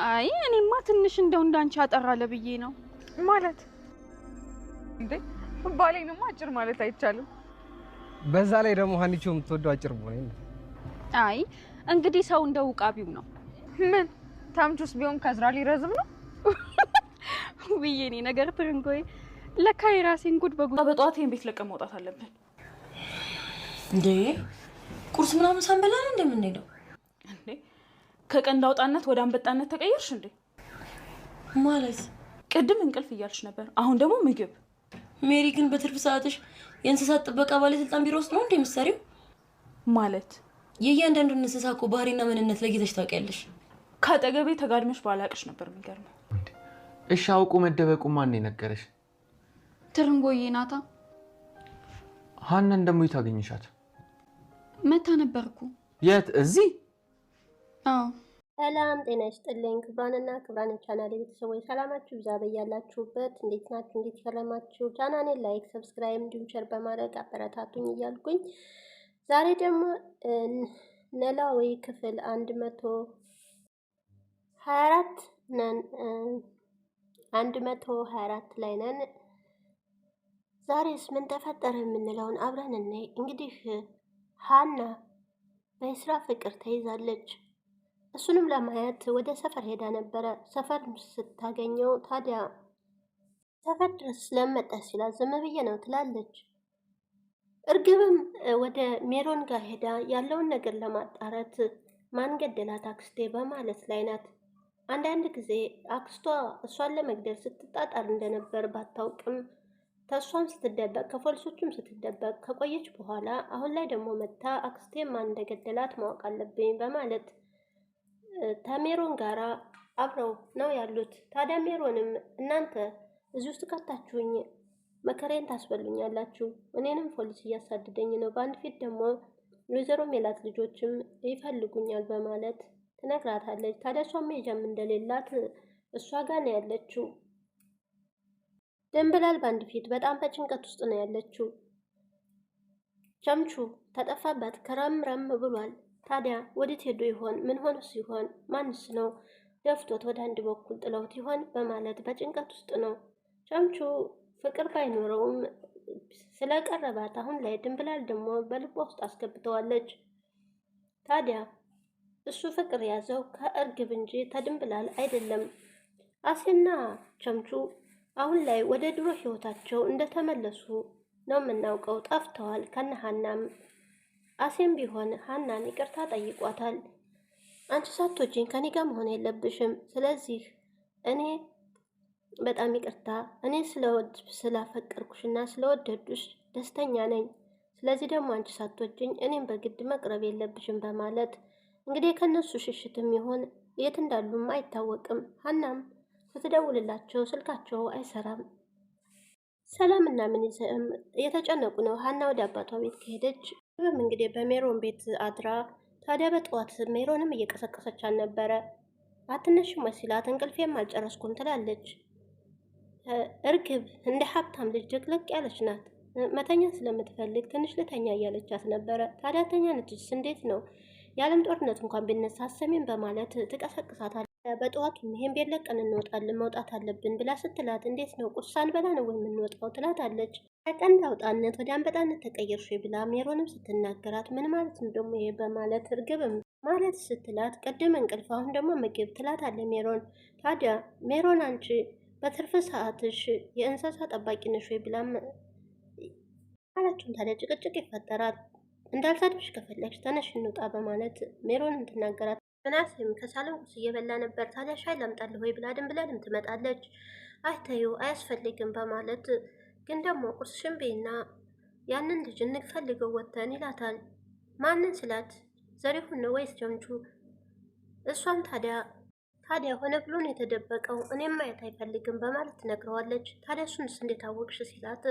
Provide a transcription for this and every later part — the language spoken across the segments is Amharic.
አይ እኔማ ትንሽ እንደው እንዳንቺ አጠራ ለብዬ ነው። ማለት እንዴ ባሌንማ አጭር ማለት አይቻልም። በዛ ላይ ደግሞ ሀኒቾ የምትወደው አጭር ነው። አይ እንግዲህ ሰው እንደው ውቃቢው ነው። ምን ታምቹስ ቢሆን ከዝራ ሊረዝም ነው ብዬኔ ነገር ትርንጎይ ለካ የራሴን ጉድ በጉ በጠዋት ቤት ለቀን መውጣት አለብን። እንዴ ቁርስ ምናምን ሳንበላን እንደምንሄደው እንዴ ከቀንድ አውጣነት ወደ አንበጣነት ተቀየርሽ እንዴ? ማለት ቅድም እንቅልፍ እያልሽ ነበር፣ አሁን ደግሞ ምግብ። ሜሪ ግን በትርፍ ሰዓትሽ የእንስሳት ጥበቃ ባለስልጣን ቢሮ ውስጥ ነው እንዴ የምትሰሪው? ማለት የእያንዳንዱን እንስሳ እኮ ባህሪና ምንነት ለጌተሽ ታውቂያለሽ። ከአጠገቤ ተጋድመሽ ባላቅሽ ነበር። የሚገርመው እሺ፣ አውቁ መደበቁ ማን የነገረሽ? ትርንጎዬ ናታ። ሀናን ደግሞ የት አገኘሻት? መታ ነበርኩ። የት? እዚህ? አዎ ሰላም ጤና ይስጥልኝ። ክብራንና ክብራን ቻናል ቤተሰቦች ሰላማችሁ ይብዛ በያላችሁበት። እንዴት ናችሁ? እንዴት ከረማችሁ? ቻናሌን ላይክ፣ ሰብስክራይብ እንዲሁም ሸር በማድረግ አበረታቱኝ እያልኩኝ ዛሬ ደግሞ ኖላዊ ክፍል አንድ መቶ ሀያ አራት ነን አንድ መቶ ሀያ አራት ላይ ነን። ዛሬስ ምን ተፈጠረ የምንለውን አብረን እናይ። እንግዲህ ሀና በስራ ፍቅር ተይዛለች። እሱንም ለማየት ወደ ሰፈር ሄዳ ነበረ። ሰፈር ስታገኘው ታዲያ ሰፈር ድረስ ስለመጣ ሲላ ዝም ብዬ ነው ትላለች። እርግብም ወደ ሜሮን ጋር ሄዳ ያለውን ነገር ለማጣረት ማን ገደላት አክስቴ በማለት ላይ ናት። አንዳንድ ጊዜ አክስቷ እሷን ለመግደል ስትጣጣር እንደነበር ባታውቅም ከእሷም ስትደበቅ ከፖሊሶቹም ስትደበቅ ከቆየች በኋላ አሁን ላይ ደግሞ መታ አክስቴ ማን እንደገደላት ማወቅ አለብኝ በማለት ተሜሮን ጋራ አብረው ነው ያሉት። ታዲያ ሜሮንም እናንተ እዚህ ውስጥ ቀጣችሁኝ፣ መከሬን ታስበሉኛላችሁ፣ እኔንም ፖሊስ እያሳደደኝ ነው፣ በአንድ ፊት ደግሞ ወይዘሮ ሜላት ልጆችም ይፈልጉኛል በማለት ትነግራታለች። ታዲያ እሷ መሄጃም እንደሌላት እሷ ጋር ነው ያለችው። ደንብላል በአንድ ፊት በጣም በጭንቀት ውስጥ ነው ያለችው። ቸምቹ ተጠፋባት፣ ከረምረም ብሏል። ታዲያ ወዴት ሄዶ ይሆን? ምን ሆኖስ ይሆን? ማንስ ነው ገፍቶት ወደ አንድ በኩል ጥለውት ይሆን በማለት በጭንቀት ውስጥ ነው። ቸምቹ ፍቅር ባይኖረውም ስለቀረባት አሁን ላይ ድንብላል ደግሞ በልቧ ውስጥ አስገብተዋለች። ታዲያ እሱ ፍቅር ያዘው ከእርግብ እንጂ ከድንብላል አይደለም። አሴና ቸምቹ አሁን ላይ ወደ ድሮ ህይወታቸው እንደተመለሱ ነው የምናውቀው። ጠፍተዋል ከነሃናም አሴም ቢሆን ሀናን ይቅርታ ጠይቋታል። አንቺ ከኔ ጋር መሆን የለብሽም። ስለዚህ እኔ በጣም ይቅርታ እኔ ስለወድ እና ስለወደዱሽ ደስተኛ ነኝ። ስለዚህ ደግሞ አንቺ ሳቶችኝ እኔም በግድ መቅረብ የለብሽም በማለት እንግዲህ ከነሱ ሽሽትም ይሆን የት እንዳሉም አይታወቅም። ሀናም ስትደውልላቸው ስልካቸው አይሰራም። ሰላምና ምንዝም እየተጨነቁ ነው። ሀና ወደ አባቷ ቤት ከሄደች እንግዲህ በሜሮን ቤት አድራ ታዲያ በጠዋት ሜሮንም እየቀሰቀሰች አልነበረ። አትነሽም ወይ ሲላት እንቅልፌም አልጨረስኩም ትላለች። እርግብ እንደ ሀብታም ልጅ ድቅልቅ ያለች ናት። መተኛ ስለምትፈልግ ትንሽ ልተኛ እያለቻት ነበረ። ታዲያ ተኛ ንትስ እንዴት ነው የዓለም ጦርነት እንኳን ቢነሳ ሰሜን በማለት ትቀሰቅሳታል። በጠዋቱም ይህን ቤት ለቀን እንወጣለን መውጣት አለብን ብላ ስትላት እንዴት ነው ቁርሳን በላ ነው የምንወጣው ትላታለች። ከቀንድ አውጣነት ወደ አንበጣነት ተቀየርሽ ብላ ሜሮንም ስትናገራት ምን ማለት ነው ደግሞ ይሄ በማለት እርግብም ማለት ስትላት ቅድም እንቅልፍ አሁን ደግሞ ምግብ አለ ሜሮን። ታዲያ ሜሮን አንቺ በትርፍ ሰዓትሽ የእንስሳ ጠባቂ ነሽ ወይ ብላም አላችሁም። ታዲያ ጭቅጭቅ ይፈጠራል። እንዳልሳድብሽ ከፈለግሽ ተነሽ እንውጣ በማለት ሜሮንም ትናገራት። ምናሴም ከሳለም ቁስ እየበላ ነበር። ታዲያ ሻይ ላምጣልህ ወይ ብላ ድንብላልም ትመጣለች። አይተዩ አያስፈልግም በማለት ግን ደግሞ ቁርስሽን ቤና ያንን ልጅ እንፈልገው ወጥተን ይላታል። ማንን ስላት ዘሪሁን ነው ወይስ ጀምቹ? እሷም ታዲያ ታዲያ ሆነ ብሎ ነው የተደበቀው እኔ ማየት አይፈልግም በማለት ትነግረዋለች። ታዲያ እሱንስ እንዴት አወቅሽ ሲላት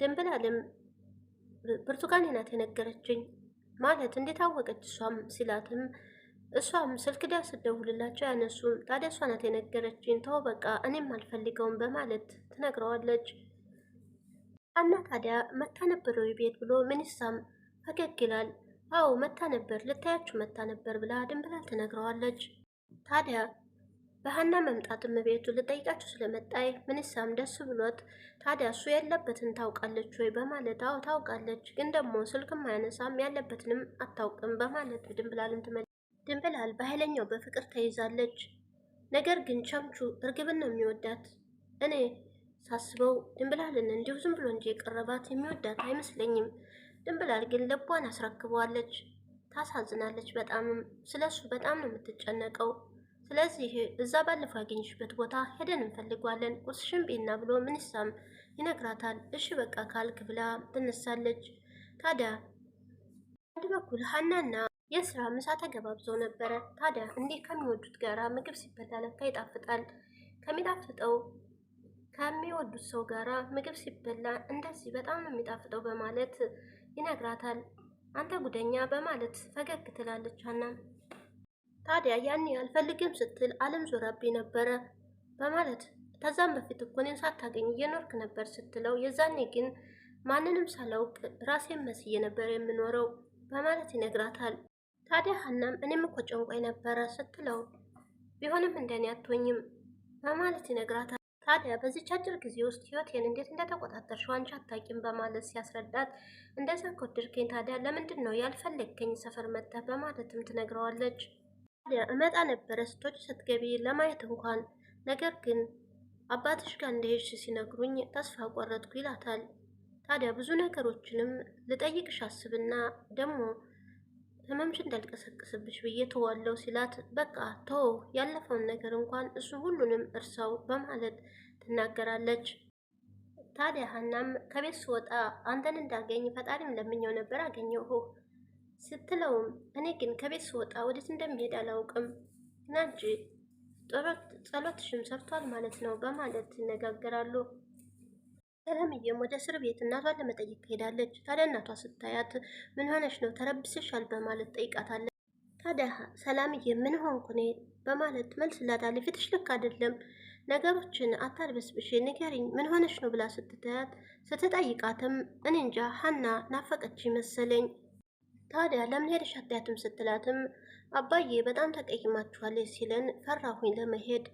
ድንብላልም ብርቱካን ናት የነገረችኝ ማለት እንዴት አወቀች እሷም ሲላትም እሷም ስልክ ዳ ስደውልላቸው ያነሱም። ታዲያ እሷ ናት የነገረችኝ፣ ተው በቃ እኔም አልፈልገውም በማለት ትነግረዋለች። አና ታዲያ መታ ነበር ወይ ቤት ብሎ ሚኒሳም ፈገግ ይላል። አዎ መታ ነበር፣ ልታያችሁ መታ ነበር ብላ ድንብላል ትነግረዋለች። ታዲያ በሀና መምጣትም ቤቱ ልጠይቃችሁ ስለመጣይ ምንሳም ደስ ብሎት ታዲያ እሱ ያለበትን ታውቃለች ወይ በማለት አዎ ታውቃለች፣ ግን ደግሞ ስልክም አያነሳም ያለበትንም አታውቅም በማለት ድንብላልን ትመ ድንብላል በኃይለኛው በፍቅር ተይዛለች። ነገር ግን ቸምቹ እርግብን ነው የሚወዳት። እኔ ሳስበው ድንብላልን እንዲሁ ዝም ብሎ እንጂ የቀረባት የሚወዳት አይመስለኝም። ድንብላል ግን ልቧን አስረክበዋለች። ታሳዝናለች። በጣምም ስለሱ በጣም ነው የምትጨነቀው። ስለዚህ እዛ ባለፈው ያገኝሽበት ቦታ ሄደን እንፈልገዋለን ቁርስሽን ቢና ብሎ ምንሳም ይነግራታል። እሺ በቃ ካልክ ብላ ትነሳለች። ታዲያ አንድ በኩል ሀናና የስራ ምሳ ተገባብዞ ነበረ። ታዲያ እንዲህ ከሚወዱት ጋራ ምግብ ሲበላ ለካ ይጣፍጣል። ከሚጣፍጠው ከሚወዱት ሰው ጋራ ምግብ ሲበላ እንደዚህ በጣም ነው የሚጣፍጠው በማለት ይነግራታል። አንተ ጉደኛ በማለት ፈገግ ትላለች ሀና። ታዲያ ያን አልፈልግም ስትል አለም ዞራብኝ ነበረ በማለት ከዛም በፊት እኮ እኔን ሳታገኝ እየኖርክ ነበር ስትለው የዛኔ ግን ማንንም ሳላውቅ ራሴን መስዬ ነበር የምኖረው በማለት ይነግራታል። ታዲያ ሀናም እኔም እኮ ጨንቆኝ ነበረ ስትለው ቢሆንም እንደኔ አትሆኝም በማለት ይነግራታል። ታዲያ በዚች አጭር ጊዜ ውስጥ ህይወቴን እንዴት እንደተቆጣጠርሽው አንቺ አታውቂም በማለት ሲያስረዳት እንደዛ ከወደድከኝ ታዲያ ለምንድን ነው ያልፈለግከኝ ሰፈር መጥተህ በማለትም ትነግረዋለች። ታዲያ እመጣ ነበረ ስቶች ስትገቢ ለማየት እንኳን ነገር ግን አባትሽ ጋር እንደሄድሽ ሲነግሩኝ ተስፋ ቆረጥኩ ይላታል። ታዲያ ብዙ ነገሮችንም ልጠይቅሽ አስብና ደግሞ ህመምሽ እንዳልቀሰቅስብሽ ብዬ ተዋለው ሲላት በቃ ተው ያለፈውን ነገር እንኳን እሱ ሁሉንም እርሳው በማለት ትናገራለች። ታዲያ ሀናም ከቤት ስወጣ አንተን እንዳገኝ ፈጣሪም ለምኘው ነበር አገኘሁ ስትለውም እኔ ግን ከቤት ስወጣ ወዴት እንደሚሄድ አላውቅም ናንቺ ጸሎትሽም ሰብቷል ማለት ነው በማለት ይነጋገራሉ። ሰላምዬም ወደ እስር ቤት እናቷን ለመጠየቅ ትሄዳለች። ታዲያ እናቷ ስታያት ምን ሆነሽ ነው ተረብስሻል በማለት ጠይቃታለች። ታዲያ ሰላምዬ ምን ሆንኩ በማለት መልስ ላታለች። ፊትሽ ልክ አይደለም፣ ነገሮችን አታድበስብሽ፣ ንገሪኝ ምን ሆነሽ ነው ብላ ስትታያት ስትጠይቃትም እኔ እንጃ ሀና ናፈቀች መሰለኝ። ታዲያ ለምን ሄደሽ አትያትም? ስትላትም አባዬ በጣም ተቀይማችኋለች ሲለን ፈራሁኝ ለመሄድ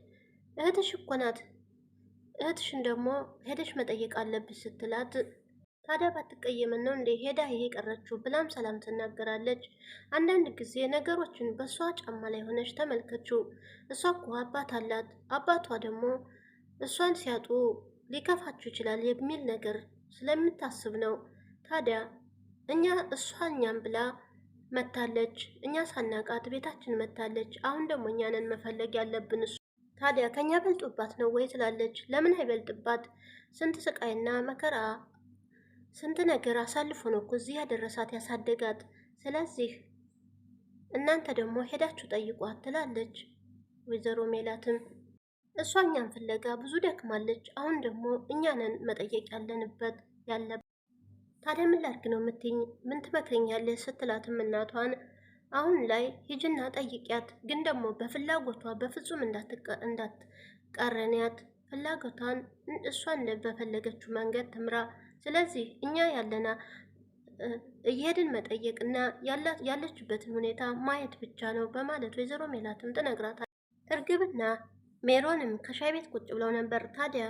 እህትሽ እኮ ናት እህትሽን ደግሞ ሄደሽ መጠየቅ አለብሽ ስትላት ታዲያ ባትቀየመ ነው እንዴ ሄዳ ይሄ ቀረችው ብላም ሰላም ትናገራለች። አንዳንድ ጊዜ ነገሮችን በእሷ ጫማ ላይ ሆነች ተመልከችው። እሷ እኮ አባት አላት። አባቷ ደግሞ እሷን ሲያጡ ሊከፋችሁ ይችላል የሚል ነገር ስለምታስብ ነው። ታዲያ እኛ እሷ እኛም ብላ መታለች። እኛ ሳናቃት ቤታችን መታለች። አሁን ደግሞ እኛንን መፈለግ ያለብን ታዲያ ከኛ በልጡባት ነው ወይ ትላለች። ለምን አይበልጥባት? ስንት ስቃይና መከራ ስንት ነገር አሳልፎ ነው እኮ እዚህ ያደረሳት ያሳደጋት። ስለዚህ እናንተ ደግሞ ሄዳችሁ ጠይቋት ትላለች። ወይዘሮ ሜላትም እሷ እኛን ፍለጋ ብዙ ደክማለች። አሁን ደግሞ እኛንን መጠየቅ ያለንበት ያለ ታዲያ ምን ላድርግ ነው የምትይኝ? ምን ትመክረኛለች? ስትላትም እናቷን አሁን ላይ ሂጅና ጠይቂያት። ግን ደግሞ በፍላጎቷ በፍጹም እንዳትቃረንያት፣ ፍላጎቷን እሷን በፈለገችው መንገድ ትምራ። ስለዚህ እኛ ያለና እየሄድን መጠየቅ እና ያለችበትን ሁኔታ ማየት ብቻ ነው በማለት ወይዘሮ ሜላትም ትነግራታለች። እርግብና ሜሮንም ከሻይ ቤት ቁጭ ብለው ነበር። ታዲያ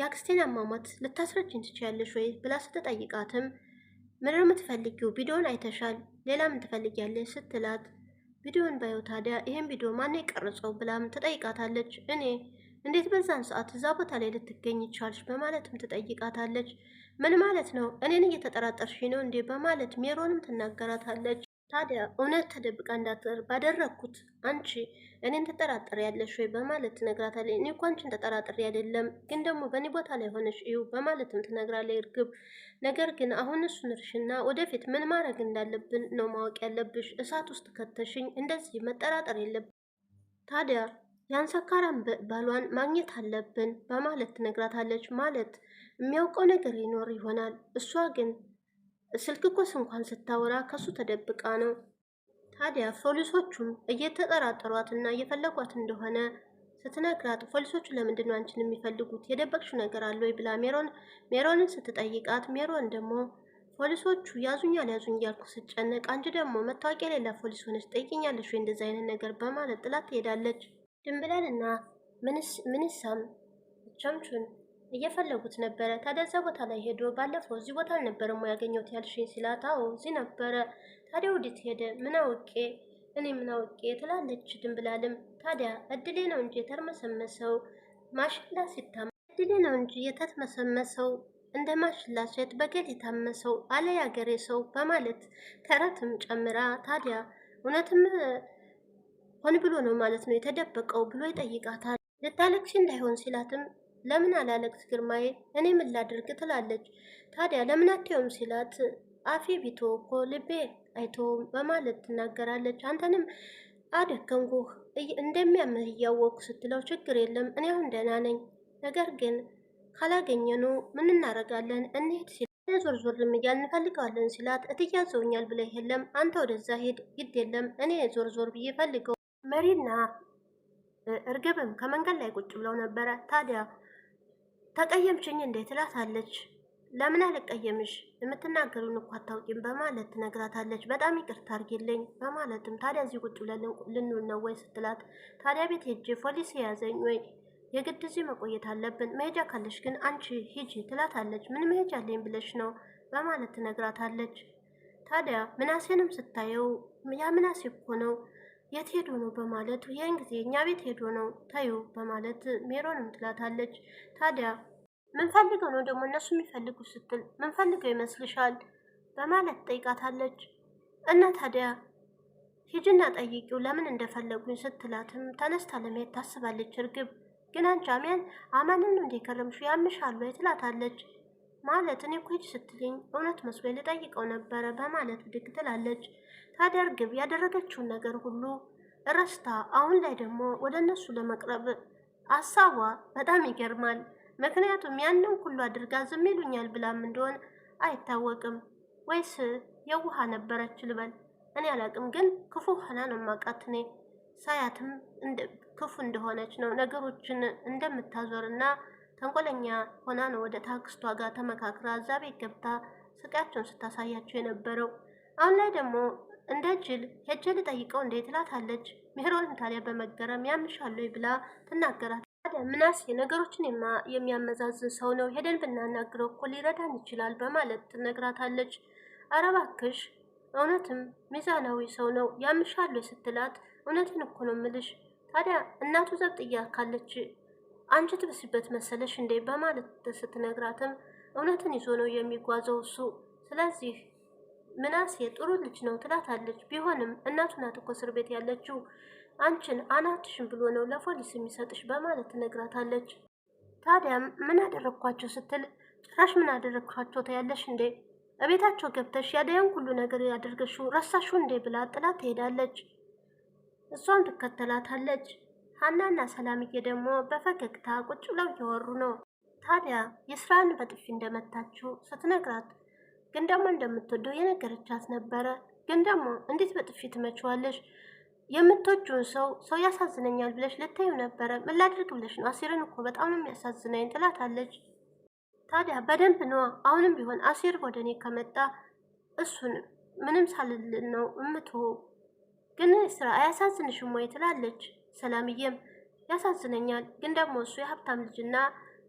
የአክስቴን አሟሟት ልታስረጅን ትችያለሽ ወይ ብላ ስትጠይቃትም ምንድን ነው የምትፈልጊው? ቪዲዮን አይተሻል ሌላ ምን ትፈልጊያለሽ ስትላት ቪዲዮን ባየው ታዲያ ይሄን ቪዲዮ ማን የቀረጸው ብላም ትጠይቃታለች። እኔ እንዴት በዛን ሰዓት እዛ ቦታ ላይ ልትገኝ ይቻልሽ? በማለትም ትጠይቃታለች። ምን ማለት ነው እኔን እየተጠራጠርሽ ነው እንዴ? በማለት ሜሮንም ትናገራታለች። ታዲያ እውነት ተደብቃ እንዳትቀር ባደረግኩት አንቺ እኔን ተጠራጠር ያለሽ ወይ በማለት ትነግራታለች። እኔ እኮ አንቺን ተጠራጠሪ አይደለም፣ ግን ደግሞ በእኔ ቦታ ላይ ሆነሽ እዩ በማለትም ትነግራለች እርግብ። ነገር ግን አሁን እሱን እርሽና ወደፊት ምን ማድረግ እንዳለብን ነው ማወቅ ያለብሽ። እሳት ውስጥ ከተሽኝ እንደዚህ መጠራጠር የለብን። ታዲያ ያን ባሏን ማግኘት አለብን በማለት ትነግራታለች። ማለት የሚያውቀው ነገር ይኖር ይሆናል እሷ ግን ስልክ ኮስ እንኳን ስታወራ ከሱ ተደብቃ ነው። ታዲያ ፖሊሶቹም እየተጠራጠሯትና እየፈለጓት እንደሆነ ስትነግራት ፖሊሶቹ ለምንድን ነው አንቺን የሚፈልጉት የደበቅሽው ነገር አለ ወይ ብላ ሜሮን ሜሮንን ስትጠይቃት ሜሮን ደግሞ ፖሊሶቹ ያዙኝ ያልያዙኝ እያልኩ ስጨነቅ አንቺ ደግሞ መታወቂያ የሌላ ፖሊስ ሆነች ጠይቅኛለሽ ወይ እንደዚህ አይነት ነገር በማለት ጥላት ትሄዳለች። ድንብላልና ምንሳም ቸምቹን እየፈለጉት ነበረ። ታዲያ እዛ ቦታ ላይ ሄዶ ባለፈው እዚህ ቦታ አልነበረም ያገኘሁት ያልሽኝ ሲላት፣ አዎ እዚህ ነበረ። ታዲያ ወዴት ሄደ? ምን አውቄ እኔ ምን አውቄ ትላለች ድንብላልም። ታዲያ እድሌ ነው እንጂ የተርመሰመሰው ማሽላ ሲታመ እድሌ ነው እንጂ የተትመሰመሰው እንደ ማሽላ ሴት በገድ የታመሰው አለ ያገሬ ሰው በማለት ተረትም ጨምራ ታዲያ እውነትም ሆን ብሎ ነው ማለት ነው የተደበቀው ብሎ ይጠይቃታል። ልታለቅሽ እንዳይሆን ሲላትም ለምን አላለቅስ ግርማዬ፣ እኔ ምን ላድርግ ትላለች። ታዲያ ለምን አትየውም ሲላት አፌ ቢቶ እኮ ልቤ አይተውም በማለት ትናገራለች። አንተንም አደከምኩህ እንደሚያምህ እያወቅኩ ስትለው ችግር የለም እኔ አሁን ደህና ነኝ፣ ነገር ግን ካላገኘኑ ምን እናረጋለን እንሄድ ሲል ዞር ዞር ልምያል እንፈልገዋለን ሲላት እትያዘውኛል ብለህ የለም አንተ ወደዛ ሄድ ግድ የለም እኔ ዞር ዞር ብዬ ፈልገው መሪና እርግብም ከመንገድ ላይ ቁጭ ብለው ነበረ ታዲያ ተቀየምችኝ እንዴ ትላታለች። ለምን አልቀየምሽ የምትናገሩን እኮ አታውቂም በማለት ትነግራታለች። በጣም ይቅርታ አርጌልኝ በማለትም ታዲያ እዚህ ቁጭ ብለን ልንውል ነው ወይ ስትላት፣ ታዲያ ቤት ሄጄ ፖሊስ የያዘኝ ወይ የግድ እዚህ መቆየት አለብን፣ መሄጃ ካለሽ ግን አንቺ ሂጂ ትላታለች። ምን መሄጃ አለኝ ብለሽ ነው በማለት ትነግራታለች። ታዲያ ምናሴንም ስታየው ያ ምናሴ እኮ ነው የት ሄዶ ነው በማለት ይህን ጊዜ እኛ ቤት ሄዶ ነው ታዩ በማለት ሜሮንም ትላታለች። ታዲያ ምንፈልገው ነው ደግሞ እነሱ የሚፈልጉ ስትል ምንፈልገው ይመስልሻል በማለት ጠይቃታለች። እና ታዲያ ሂጅና ጠይቂው ለምን እንደፈለጉኝ ስትላትም ተነስታ ለመሄድ ታስባለች። እርግብ ግን አንቺ አሚያን አማንን ነው እንደከረምሹ ያምሻሉ ትላታለች። ማለት እኔ እኮ ሂጅ ስትልኝ እውነት መስሎኝ ልጠይቀው ነበረ በማለት ብድግ ትላለች። ታደርግብ ያደረገችውን ነገር ሁሉ ረስታ አሁን ላይ ደግሞ ወደ እነሱ ለመቅረብ አሳቧ በጣም ይገርማል። ምክንያቱም ያንን ሁሉ አድርጋ ዝም ይሉኛል ብላም እንደሆን አይታወቅም። ወይስ የውሃ ነበረች ልበል እኔ አላቅም፣ ግን ክፉ ሆና ነው የማውቃት እኔ ሳያትም ክፉ እንደሆነች ነው ነገሮችን እንደምታዞርና ተንኮለኛ ሆና ነው ወደ ታክስቷ ጋር ተመካክራ እዛ ቤት ገብታ ስቃያቸውን ስታሳያቸው የነበረው። አሁን ላይ ደግሞ እንደ ጅል ሄጄ ልጠይቀው እንዴት እላታለች። ሜሮንም ታዲያ በመገረም ያምሻል ብላ ትናገራል። ታዲያ ምናሴ ነገሮችን የሚያመዛዝን ሰው ነው፣ ሄደን ብናናግረው እኮ ሊረዳን ይችላል በማለት ትነግራታለች። አረባክሽ እባክሽ እውነትም ሚዛናዊ ሰው ነው ያምሻሉ ስትላት፣ እውነትን እኮ ነው ምልሽ። ታዲያ እናቱ ዘብጥያ ካለች አንቺ ትብስበት መሰለሽ እንዴ በማለት ስትነግራትም እውነትን ይዞ ነው የሚጓዘው እሱ ስለዚህ ምናሴ ጥሩ ልጅ ነው ትላታለች። ቢሆንም እናቱ ናት እኮ እስር ቤት ያለችው አንቺን አናትሽን ብሎ ነው ለፖሊስ የሚሰጥሽ በማለት ትነግራታለች። ታዲያ ምን አደረግኳቸው ስትል ጭራሽ ምን አደረግኳቸው ታያለሽ እንዴ እቤታቸው ገብተሽ ያደያን ሁሉ ነገር ያደርገሽው ረሳሽው እንዴ ብላ ጥላት ትሄዳለች። እሷም ትከተላታለች። ሀናና ሰላምዬ ደግሞ በፈገግታ ቁጭ ብለው እያወሩ ነው። ታዲያ የስራን በጥፊ እንደመታችው ስትነግራት ግን ደግሞ እንደምትወደው የነገረቻት ነበረ። ግን ደግሞ እንዴት በጥፊ ትመችዋለሽ? የምትወጁን ሰው ሰው ያሳዝነኛል ብለሽ ልታዩ ነበረ። ምን ላድርግ ብለሽ ነው? አሲርን እኮ በጣም ነው የሚያሳዝነኝ ትላታለች። ታዲያ በደንብ ነዋ። አሁንም ቢሆን አሲር ወደ እኔ ከመጣ እሱን ምንም ሳልልን ነው እምትሆ ግን ስራ አያሳዝንሽም ወይ ትላለች። ሰላምዬም ያሳዝነኛል፣ ግን ደግሞ እሱ የሀብታም ልጅና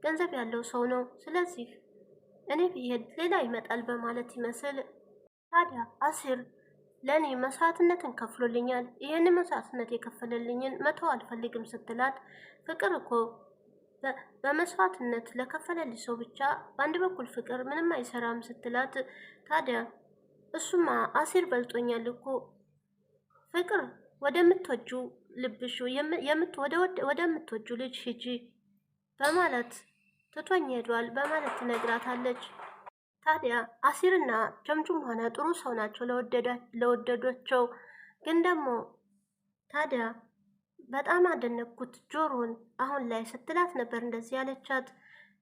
ገንዘብ ያለው ሰው ነው። ስለዚህ እኔ ብሄድ ሌላ ይመጣል በማለት ይመስል ታዲያ አሲር ለእኔ መስዋዕትነትን ከፍሎልኛል፣ ይህን መስዋዕትነት የከፈለልኝን መተው አልፈልግም ስትላት ፍቅር እኮ በመስዋዕትነት ለከፈለልኝ ሰው ብቻ በአንድ በኩል ፍቅር ምንም አይሰራም ስትላት ታዲያ እሱማ አሲር በልጦኛል እኮ ፍቅር ወደምትወጁ ልብሹ ወደምትወጁ ልጅ ሂጂ በማለት ትቶኝ ሄዷል በማለት ትነግራታለች። ታዲያ አሲርና ጀምጁም ሆነ ጥሩ ሰው ናቸው ለወደዶቸው። ግን ደግሞ ታዲያ በጣም አደነኩት ጆሮን አሁን ላይ ስትላት ነበር እንደዚህ ያለቻት።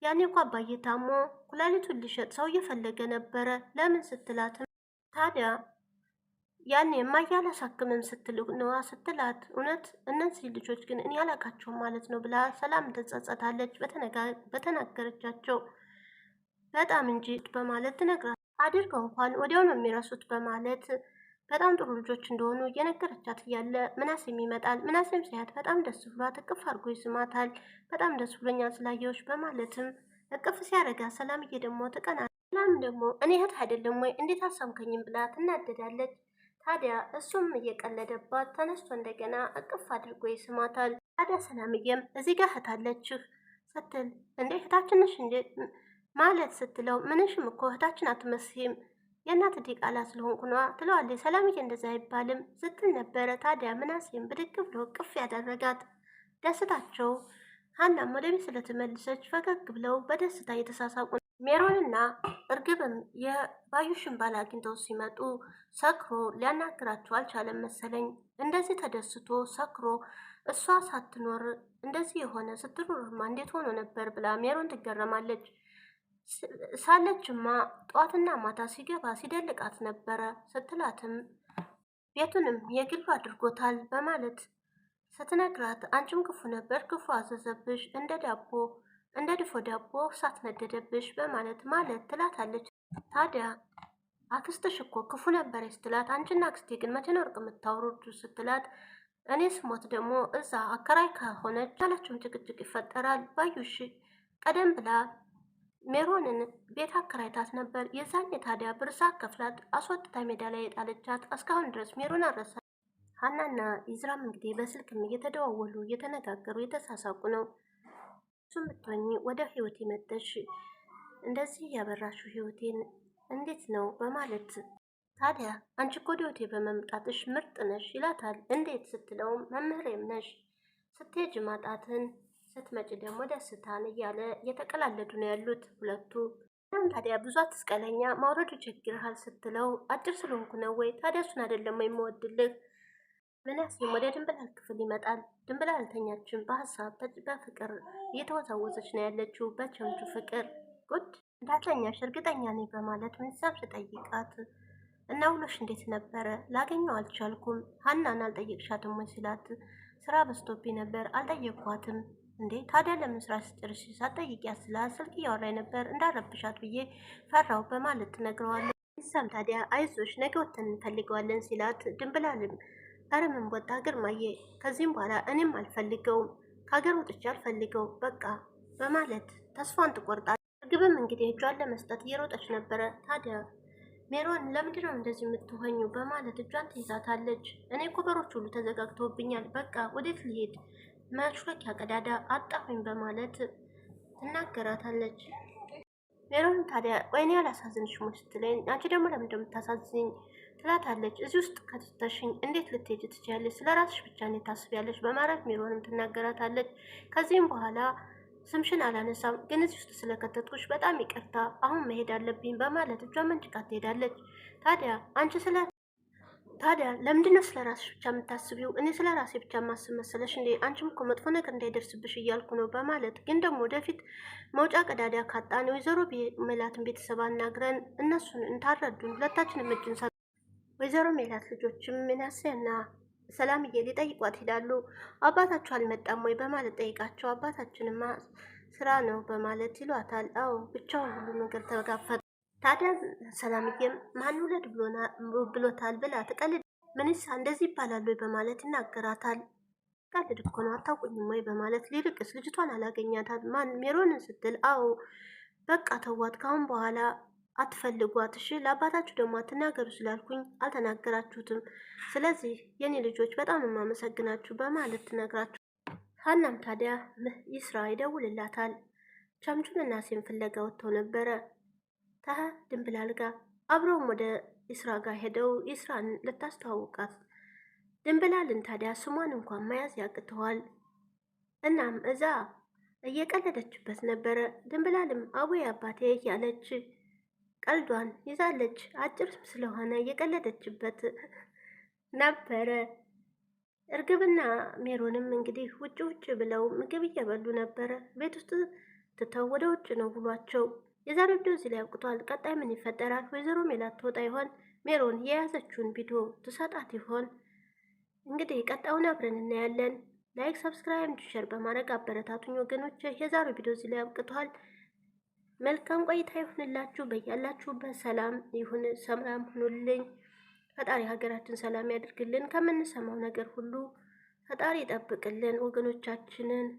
ያኔ እኮ አባዬ ታሞ ኩላሊቱን ሊሸጥ ሰው እየፈለገ ነበረ ለምን ስትላትም ታዲያ ያኔ እማዬ አላሳክምም ስትል ነዋ ስትላት፣ እውነት እነዚህ ልጆች ግን እኔ አላቃቸውም ማለት ነው ብላ ሰላም ትጸጸታለች። በተናገረቻቸው በጣም እንጂ በማለት ትነግራል። አድርገው እንኳን ወዲያው ነው የሚረሱት በማለት በጣም ጥሩ ልጆች እንደሆኑ እየነገረቻት እያለ ምናሴም ይመጣል። ምናሴም ሲያት በጣም ደስ ብሏት እቅፍ አድርጎ ይስማታል። በጣም ደስ ብሎኛል ስላየዎች በማለትም እቅፍ ሲያደርጋ ሰላምዬ ደግሞ ትቀናል። ሰላም ደግሞ እኔ እህት አይደለም ወይ እንዴት አሳምከኝም ብላ ትናደዳለች። ታዲያ እሱም እየቀለደባት ተነስቶ እንደገና እቅፍ አድርጎ ይስማታል። ታዲያ ሰላምዬም እዚህ ጋር እህታለችህ ስትል እንዴ እህታችን ነሽ እንዴ ማለት ስትለው ምንሽም እኮ እህታችን አትመስሂም የእናት ዲቃላ ስለሆንኩ ነዋ ትለዋለች። ሰላምዬ እንደዛ አይባልም ስትል ነበረ። ታዲያ ምናሴም ብድግ ብሎ ቅፍ ያደረጋት ደስታቸው ሀናም ወደ ቤት ፈገግ ብለው በደስታ እየተሳሳቁ ሜሮንና እርግብም የባዩሽን ባል አግኝተው ሲመጡ ሰክሮ ሊያናግራቸው አልቻለም መሰለኝ። እንደዚህ ተደስቶ ሰክሮ እሷ ሳትኖር እንደዚህ የሆነ ስትኖርማ እንዴት ሆኖ ነበር ብላ ሜሮን ትገረማለች። ሳለችማ ጠዋትና ማታ ሲገባ ሲደልቃት ነበረ ስትላትም ቤቱንም የግሉ አድርጎታል በማለት ስትነግራት አንቺም ክፉ ነበር ክፉ አዘዘብሽ እንደ ዳቦ እንደ ድፎ ዳቦ ሳትነደደብሽ በማለት ማለት ትላታለች። ታዲያ አክስትሽ እኮ ክፉ ነበረች ስትላት፣ አንቺና አክስቴ ግን መቼ ነው እርቅ ስትላት፣ እኔ ስሞት ደግሞ እዛ አከራይ ከሆነች ያላቸውም ጭቅጭቅ ይፈጠራል። ባዩሽ ቀደም ብላ ሜሮንን ቤት አከራይታት ነበር። የዛኔ ታዲያ ብርሳ ከፍላት አስወጥታ ሜዳ ላይ የጣለቻት እስካሁን ድረስ ሜሮን አረሳ። ሀናና ይዝራም እንግዲህ በስልክም እየተደዋወሉ እየተነጋገሩ የተሳሳቁ ነው። እሱ ብትሆኚ ወደ ህይወቴ መጥተሽ እንደዚህ ያበራሹ ህይወቴን እንዴት ነው በማለት ታዲያ አንቺ እኮ ወደ ህይወቴ በመምጣትሽ ምርጥ ነሽ ይላታል። እንዴት ስትለውም መምህሬም ነሽ ስትሄጅ ማጣትን ስትመጭ ደግሞ ደስታን እያለ እየተቀላለዱ ነው ያሉት ሁለቱ። ም ታዲያ ብዙ አትስቀለኛ ማውረዱ ችግርሃል ስትለው አጭር ስለሆንኩ ነው ወይ ታዲያ እሱን አይደለም የምወድልህ ምናሴም ወደ ድንብላል ክፍል ይመጣል። ድንብላል አልተኛችም። በሀሳብ በፍቅር እየተወዛወዘች ነው ያለችው። በቸምቹ ፍቅር ጉድ እንዳልተኛሽ እርግጠኛ ነኝ በማለት ምንሳብ ስጠይቃት እና ውሎሽ እንዴት ነበረ? ላገኘው አልቻልኩም። ሀናን አልጠየቅሻትም ወይ ሲላት ስራ በዝቶብኝ ነበር አልጠየቅኳትም። እንዴ ታዲያ ለምን ስራ ስጨርሽ ሳትጠይቂያት ስላት ስልክ እያወራኝ ነበር እንዳረብሻት ብዬ ፈራው በማለት ትነግረዋለን። ምንሳም ታዲያ አይዞሽ ነገ ወተን እንፈልገዋለን ሲላት ድንብላልም አረ ምን ወጣ ሀገር ከዚህም በኋላ እኔም አልፈልገውም ከሀገር ወጥቼ አልፈልገው በቃ በማለት ተስፋን ትቆርጣለች። እርግብም እንግዲህ እጇን ለመስጠት እየሮጠች ነበረ። ታዲያ ሜሮን ለምንድን ነው እንደዚህ የምትሆኙ በማለት እጇን ትይዛታለች። እኔ ኮበሮች ሁሉ ተዘጋግተውብኛል፣ በቃ ወዴት ልሄድ መሽለኪያ ቀዳዳ አጣሁኝ በማለት ትናገራታለች። ሜሮን ታዲያ ወይኔ አላሳዝንሽ ስትለኝ አንቺ ደግሞ ለምን እንደምታሳዝኝ ትላታለች። እዚህ ውስጥ ከተታሽኝ እንዴት ልትሄጂ ትችያለሽ? ስለ ራስሽ ብቻ እንዴት ታስቢያለሽ? በማለት ሚሮንም ትናገራታለች። ከዚህም በኋላ ስምሽን አላነሳም፣ ግን እዚህ ውስጥ ስለከተትኩሽ በጣም ይቅርታ፣ አሁን መሄድ አለብኝ በማለት እጇ መንጭቃ ትሄዳለች። ታዲያ አንቺ ስለ ታዲያ ነው ስለ ራስሽ ብቻ የምታስቢው? እኔ ስለ ራሴ ብቻ ማስብ መሰለሽ እንዴ? አንቺም እኮ መጥፎ ነገር እንዳይደርስብሽ እያልኩ ነው በማለት ግን ደግሞ ወደፊት መውጫ ቀዳዳ ካጣን ወይዘሮ ሜላትን ቤተሰብ አናግረን እነሱን እንታረዱን ሁለታችንም እጅ ወይዘሮ ሜላት ልጆችም ምናሴና ሰላምዬ ሊጠይቋት ይላሉ። አባታችሁ አልመጣም ወይ በማለት ጠይቃቸው፣ አባታችንማ ስራ ነው በማለት ይሏታል። አዎ ብቻውን ሁሉ ነገር ተጋፈጠ። ታዲያ ሰላምዬም ማን ውለድ ብሎታል ብላ ትቀልድ። ምንሳ እንደዚህ ይባላሉ በማለት ይናገራታል። ቀልድ እኮ ነው አታውቁኝም ወይ በማለት ሊርቅስ ልጅቷን አላገኛታል። ማን ሜሮንን ስትል አዎ በቃ ተዋት ካሁን በኋላ አትፈልጓት እሺ። ለአባታችሁ ደግሞ አትናገሩ ስላልኩኝ አልተናገራችሁትም። ስለዚህ የኔ ልጆች በጣም የማመሰግናችሁ በማለት ትነግራችሁ። ሀናም ታዲያ ይስራ ይደውልላታል። ቻምቹንና ሴም ፍለጋ ወጥተው ነበረ። ታህ ድንብላል ጋ አብረውም ወደ ይስራ ጋር ሄደው ይስራን ልታስተዋውቃት ድንብላልን ታዲያ ስሟን እንኳን መያዝ ያቅተዋል። እናም እዛ እየቀለደችበት ነበረ። ድንብላልም አቡዬ አባቴ ያለች ቀልዷን ይዛለች። አጭር ስለሆነ የቀለደችበት ነበረ። እርግብና ሜሮንም እንግዲህ ውጭ ውጭ ብለው ምግብ እየበሉ ነበረ። ቤት ውስጥ ትተው ወደ ውጭ ነው ብሏቸው። የዛሬ ቪዲዮ እዚህ ላይ አብቅቷል። ቀጣይ ምን ይፈጠራል? ወይዘሮ ሜላት ትወጣ ይሆን? ሜሮን የያዘችውን ቪዲዮ ትሰጣት ይሆን? እንግዲህ ቀጣዩን አብረን እናያለን። ላይክ፣ ሰብስክራይብ፣ ሸር በማድረግ አበረታቱኝ ወገኖች። የዛሬው ቪዲዮ እዚህ ላይ አብቅቷል። መልካም ቆይታ ይሁንላችሁ። በያላችሁበት ሰላም ይሁን። ሰላም ሁኑልኝ። ፈጣሪ ሀገራችን ሰላም ያድርግልን። ከምንሰማው ነገር ሁሉ ፈጣሪ ይጠብቅልን። ወገኖቻችንን